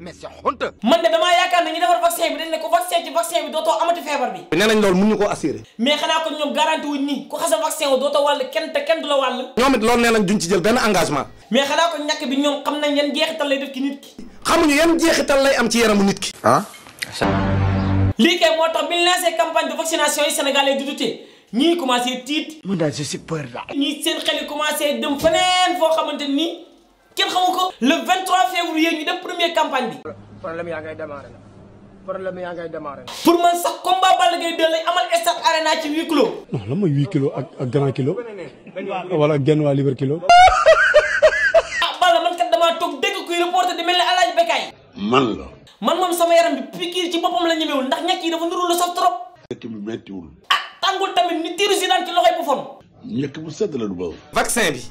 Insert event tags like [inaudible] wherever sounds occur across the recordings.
mais c'est honte man de damaa ne ñu defar vaccin bi dañ ne ko vaccin ci vaccin bi dootoo amati feebar bi nee nañ loolu mun ñu ko du la wàll ñoom it loolu nee nañ duñ ci jël benn engagement mais xanaa kon ñàkk bi ñoom xam nañ yan jeexital ci nit ki xamuñu yan jeexital lay am ci yaramu nit ah? yi Sénégalais di dute ñii commencé tiit le 23 février ñu def première campagne bi. problème yaa ngay démarrer la problème yaa ngay démarrer la. pour man sax combat Balla Gaye 2 lay amal stade arena ci huit kilos. non lan mooy huit kilos ak grand kilo. wala genn waa libre kilo. [laughs] ah Balla man kat damaa toog dégg kuy reporter di mel ne El Hadj Bekkaay. man la. man moom sama yaram bi piqûre ci boppam la ñemewul ndax ñàkk yi dafa nuru lu saf trop. ñàkk ah, tamit ni tiiru si daan ci loxoy bu fon. ñàkk bu sedd la du baax. vaccin bi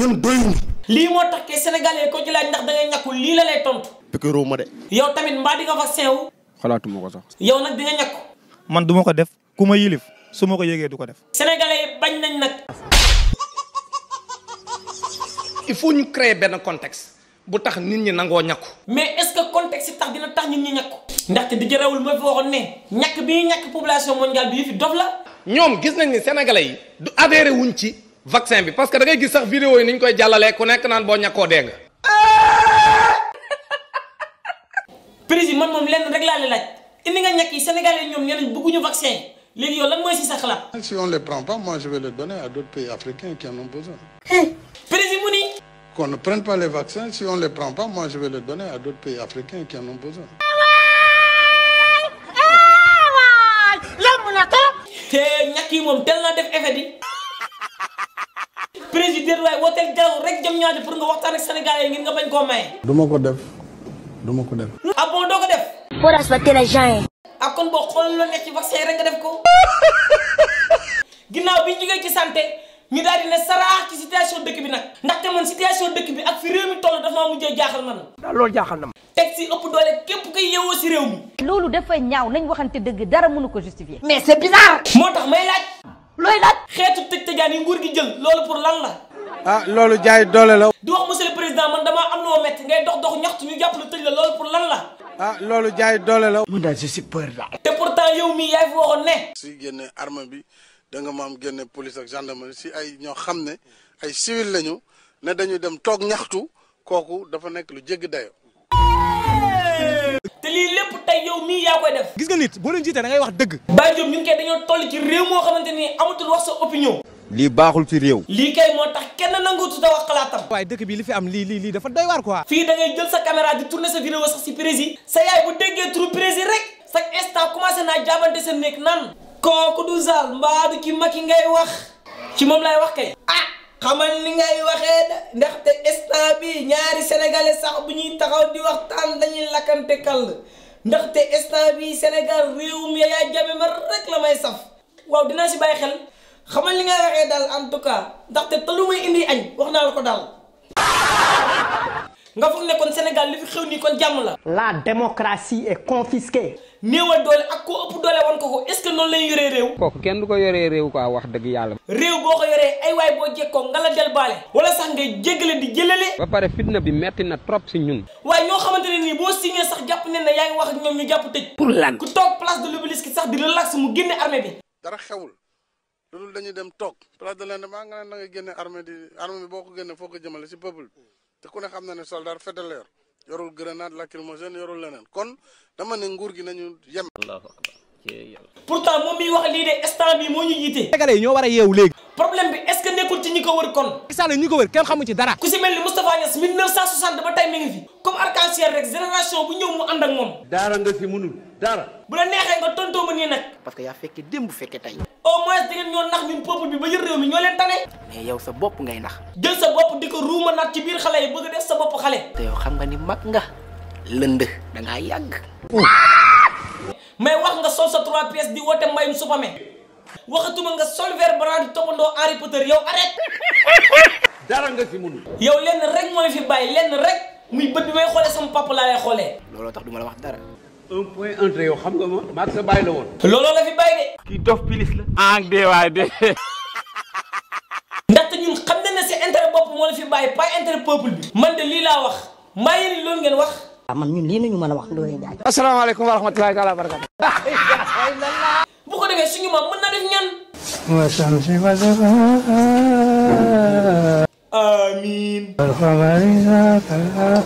ñun doyuñu. li moo tax ke sénégalais eh, ko ci laaj ndax da ngay ñakku li la lay tontu pikiru ma de yow tamit mba di nga vaccin wu xalaatuma ko sax yow nak di nga ñakku man duma ko def kuma yilif suma ko yëgee duko def sénégalais eh, bañ nañ nak il faut ñu créer ben contexte bu tax nit ñi nango ñakku mais est ce que contexte tax dina tax nit ñi ndax te di jërewul ma fi waxoon ne ñàkk bi ñak population mondiale bi fi dof la ñom gis nañ ni sénégalais yi du adhéré wuñ ci vaccin bi parce que da ngay gis sax vidéo yi niñ koy jallalé ku nek nan bo ñako dégg. [laughs] président man mom lenn rek la la laaj indi nga ñàkk yi Sénégalais ñom nee nañ ñu vaccin légui yow lan moy ci sa xalaat. Ah, si on les prend pas moi je vais les donner à d'autres pays africains qui en ont besoin. Hein? président mu ni. qu'on ne prenne pas les vaccins si on les prend pas moi je vais les donner à d'autres pays africains qui en ont besoin. te ñàkk yi moom tel na def effet di. président waaye wooteel dialogue rek jëm ñaajo pour nga waxtaan ak Sénégalais yi ngir nga bañ koo maye. du ko def du ma ko def. ah bon doo ko def. pour respecter les gens yi. ah kon boo xool loo nekk ci vaccin rek nga def ko. [laughs] ginnaaw bi ñu jógee ci santé ñu daal di ne saraax ci situation dëkk bi nag. ndaxte man situation dëkk bi ak fi réew mi toll dafa maa mujjee jaaxal man. daal loolu jaaxal na ma. teg si ëpp doole képp koy yeewoo si réew mi. loolu dafay ñaaw nañ waxante dëgg dara mënu ko justifier. mais c'est bizarre. moo looy laaj. xeetu tëj-tëjaan yi nguur gi jël loolu pour lan la. ah loolu jaay doole la. di wax monsieur le président man damaa am noo métti ngay dox dox ñaxtu ñu jàpp la tëj la loolu pour lan la. ah loolu jaay doole la. mun daal si suis peur daal. te pourtant yow mii yaay fi waxoon ne. si génne arme bi da nga maam génne police ak gendarmerie si ay ñoo xam ne ay civil lañu ne dañuy dem toog ñaxtu kooku dafa nekk lu jégg dayo lii lépp tey yow mii yaa koy def. gis nga nit boo leen jiitee da wax dëgg. Baye Diop ñun kay dañoo toll ci réew moo xamante ni amatul wax sa opinion. lii baaxul ci réew. lii kay moo tax kenn nanguutu ta wax xalaatam. waaye dëkk bi li fi am lii lii lii dafa doy waar quoi. fii da ngay jël sa caméra di tourner sa vidéo sax si prési sa yaay bu déggee turu prési rek sa instant commencé naa jaabante sa néeg nan. kooku du zaal mbaa du ki ngay wax ci moom lay wax kay. xamal ni ngay waxee ndax ndaxte instant bi ñaari sénégalais sax bu ñuy taxaw di waxtaan dañuy kal ndax ndaxte instant bi Sénégal mi ya jabe ma rek la may saf waw dina ci bàyyi xel xamal ni ngay waxee dal en tout cas ndax te lu may indi añ waxna naa la ko daal nga foog nekkon Sénégal li fi xew ni kon jamm la la démocratie est confisquée néewal doole ak ko upp doole won ko ko est ce non lay yore rew kooku kenn du ko yore rew quoi wax deug yalla rew boko yore ay way bo jekko nga la del balé wala sax ngay jéggale di jëlale ba paré fitna bi metti na trop ci ñun way ño xamanteni ni bo signé sax japp né na yaay wax ak ñom ñu japp tej pour lan ku tok place de l'obélisque sax di relax mu guéné armée bi dara xewul loolu dañuy dem tok place de l'indépendance nga na nga guéné armée di armée bi boko guéné foko foo ci peuple té ku ne xamna né soldat fédéral yorul grenade lacrymogène yorul leneen kon dama ne nguur gi nañu yem. allahu akbar pourtant moom miy wax lii de instant bi moo ñu yiite. Sénégalais yi ñoo war a yeewu léegi. problème bi est-ce que nekkul ci ñi ko wër kon. Macky Sall ñi ko wër dara. ku si mel ni Moustapha Niass 1960 ba tey mi ngi fi comme arc en génération bu ñëw mu ànd ak moom. daara nga si mënul. dara bu la nexé nga tonto ma ni nak parce que ya fekkee dembu fekkee tay au moins di ngeen ñoo nax ñun peuple bi ba yeur rew mi ñoo leen tané mais yow sa bop ngay nax jël sa bop diko ruuma naat ci biir xalé yi bëgg def sa bop xalé te yow xam nga ni mag nga leund da nga yag mais wax nga sol sa trois pièces di woote mbayum supame waxatuma nga sol ver brand toppandoo Harry Potter yow arrête dara nga fi mënul yow lenn rek moy fi bay lenn rek muy bëdd bi may xoolee sama papa la lay xolé lolo tax duma la wax dara un point entre yow xam nga fi bàyyi de. kii dof pilis la. ah dee bopp moo fi bàyyi pas intérêt peuple man de lii wax maa yéen loolu wax. waaw ah, man ñun lii nañu mën a wax Ndoye Ndiaye. asalaamaaleykum wa rahmatulahi taala wa barakatu. [laughs] bu ko defee suñu maam mën na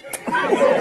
def ñan.